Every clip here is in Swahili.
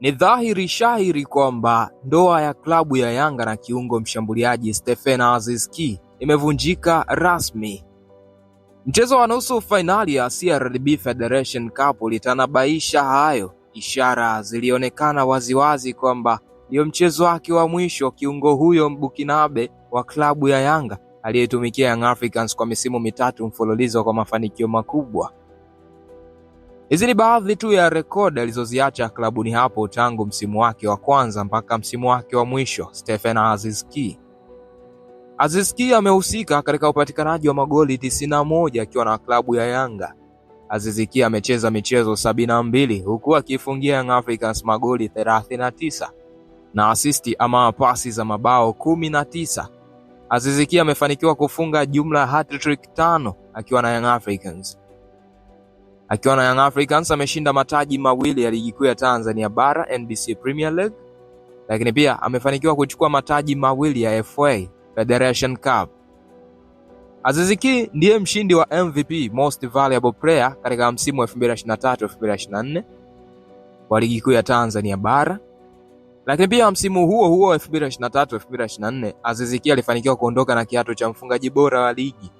Ni dhahiri shahiri kwamba ndoa ya klabu ya Yanga na kiungo mshambuliaji Stephen Aziz Ki imevunjika rasmi. Mchezo wa nusu fainali ya CRDB Federation Cup ulitanabaisha hayo. Ishara zilionekana waziwazi kwamba ndiyo mchezo wake wa mwisho kiungo huyo Mbukinabe wa klabu ya Yanga aliyetumikia Young Africans kwa misimu mitatu mfululizo kwa mafanikio makubwa. Hizi ni baadhi tu ya rekodi alizoziacha klabuni hapo tangu msimu wake wa kwanza mpaka msimu wake wa mwisho. Stephen Aziz Ki Aziz Ki amehusika katika upatikanaji wa magoli 91 akiwa na klabu ya Yanga. Aziz Ki amecheza michezo 72 huku akifungia Young Africans magoli 39 na asisti ama pasi za mabao 19. Aziz Ki amefanikiwa kufunga jumla ya hat-trick tano akiwa na Young Africans akiwa na Young Africans ameshinda mataji mawili ya ligi kuu ya Tanzania bara NBC Premier League, lakini pia amefanikiwa kuchukua mataji mawili ya FA Federation Cup. Aziz Ki ndiye mshindi wa MVP Most Valuable Player katika msimu wa 2023-2024 wa ligi kuu ya Tanzania bara. Lakini pia msimu huo huo 2023-2024 Aziz Ki alifanikiwa kuondoka na kiatu cha mfungaji bora wa ligi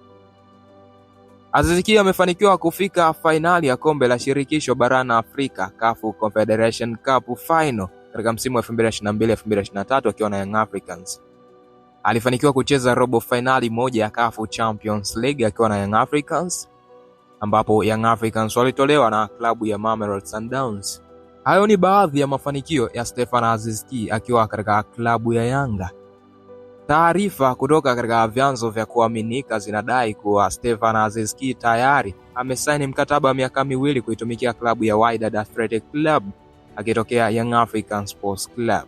Aziz Ki amefanikiwa kufika fainali ya kombe la shirikisho barani Afrika CAF Confederation Cup Final katika msimu wa 2022-2023 akiwa na Young Africans. Alifanikiwa kucheza robo fainali moja ya CAF Champions League akiwa na Young Africans ambapo Young Africans walitolewa na klabu ya Mamelodi Sundowns. Hayo ni baadhi ya mafanikio ya Stefan Aziz Ki akiwa katika klabu ya Yanga. Taarifa kutoka katika vyanzo vya kuaminika zinadai kuwa Stefan Aziz Ki tayari amesaini mkataba wa miaka miwili kuitumikia klabu ya Wydad Athletic Club akitokea Young African Sports Club,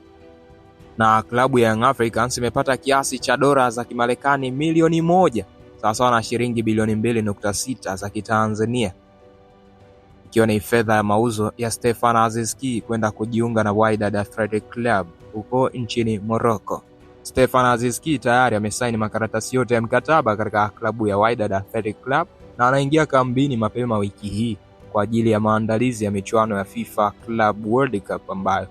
na klabu ya Young Africans imepata kiasi cha dola za Kimarekani milioni moja sawasawa na shilingi bilioni 2.6 za Kitanzania, ikiwa ni fedha ya mauzo ya Stefan Aziz Ki kwenda kujiunga na Wydad Athletic Club huko nchini Morocco. Stefan Aziski tayari amesaini makaratasi yote ya mkataba katika klabu ya Wydad Athletic Club na anaingia kambini mapema wiki hii kwa ajili ya maandalizi ya michuano ya FIFA Club World Cup ambayo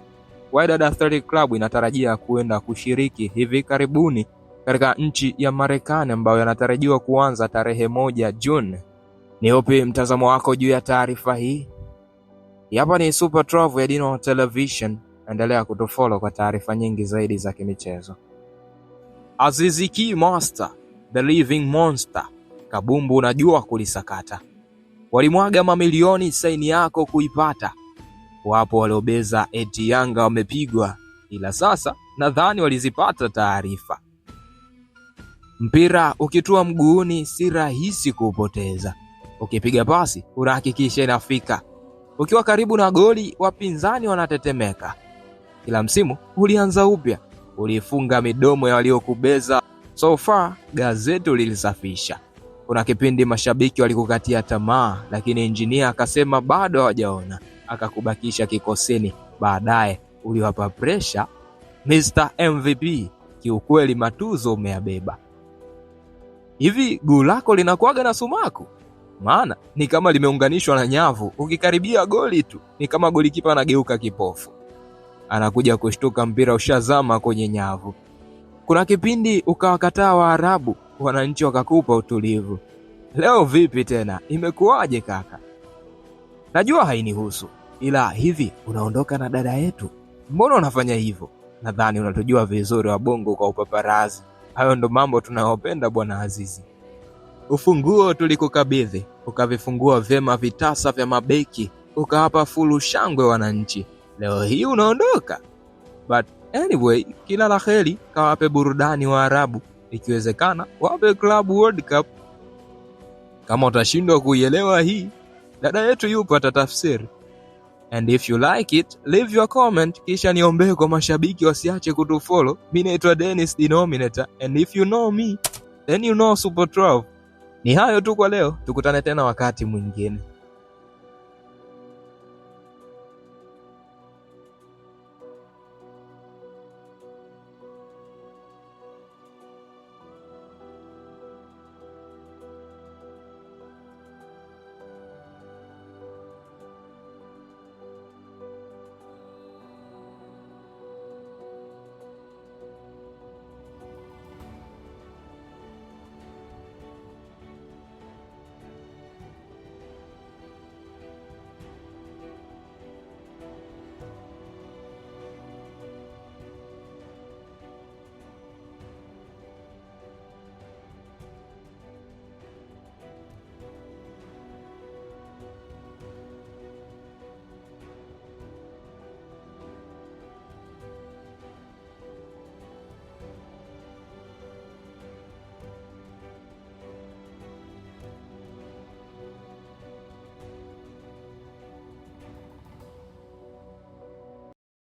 Wydad Athletic Club inatarajia kuenda kushiriki hivi karibuni katika nchi ya Marekani ambayo yanatarajiwa kuanza tarehe moja Juni. Ni upi mtazamo wako juu ya taarifa hii? Hapa ni Super Trove ya Dino Television, endelea kutufollow kwa taarifa nyingi zaidi za kimichezo. Aziziki Monster, The Living Monster, kabumbu unajua kulisakata. Walimwaga mamilioni saini yako kuipata. Wapo waliobeza eti Yanga wamepigwa, ila sasa nadhani walizipata taarifa. Mpira ukitua mguuni si rahisi kuupoteza. Ukipiga pasi unahakikisha inafika. Ukiwa karibu na goli, wapinzani wanatetemeka. Kila msimu ulianza upya, ulifunga midomo ya waliokubeza. So far gazeti ulilisafisha. Kuna kipindi mashabiki walikukatia tamaa, lakini injinia akasema bado hawajaona, akakubakisha kikosini. Baadaye uliwapa presha Mr MVP. Kiukweli matuzo umeyabeba. Hivi guu lako linakuaga na sumaku? Maana ni kama limeunganishwa na nyavu, ukikaribia goli tu ni kama golikipa anageuka kipofu anakuja kushtuka, mpira ushazama kwenye nyavu. Kuna kipindi ukawakataa Waarabu, wananchi wakakupa utulivu. Leo vipi tena? Imekuwaje kaka? Najua hainihusu, ila hivi unaondoka na dada yetu? Mbona unafanya hivyo? Nadhani unatujua vizuri wabongo kwa upaparazi. Hayo ndo mambo tunayopenda bwana Azizi. Ufunguo tulikukabidhi, ukavifungua vyema vitasa vya mabeki, ukawapa fulu shangwe wananchi leo hii unaondoka. But anyway, kila la heri, kawape burudani wa arabu ikiwezekana wape Club World Cup. Kama utashindwa kuielewa hii, dada yetu yupo atatafsiri. And if you like it, leave your comment, kisha niombee kwa mashabiki wasiache kutufollow. mi naitwa denis Denominator, and if you know me then you know Super 12. Ni hayo tu kwa leo, tukutane tena wakati mwingine.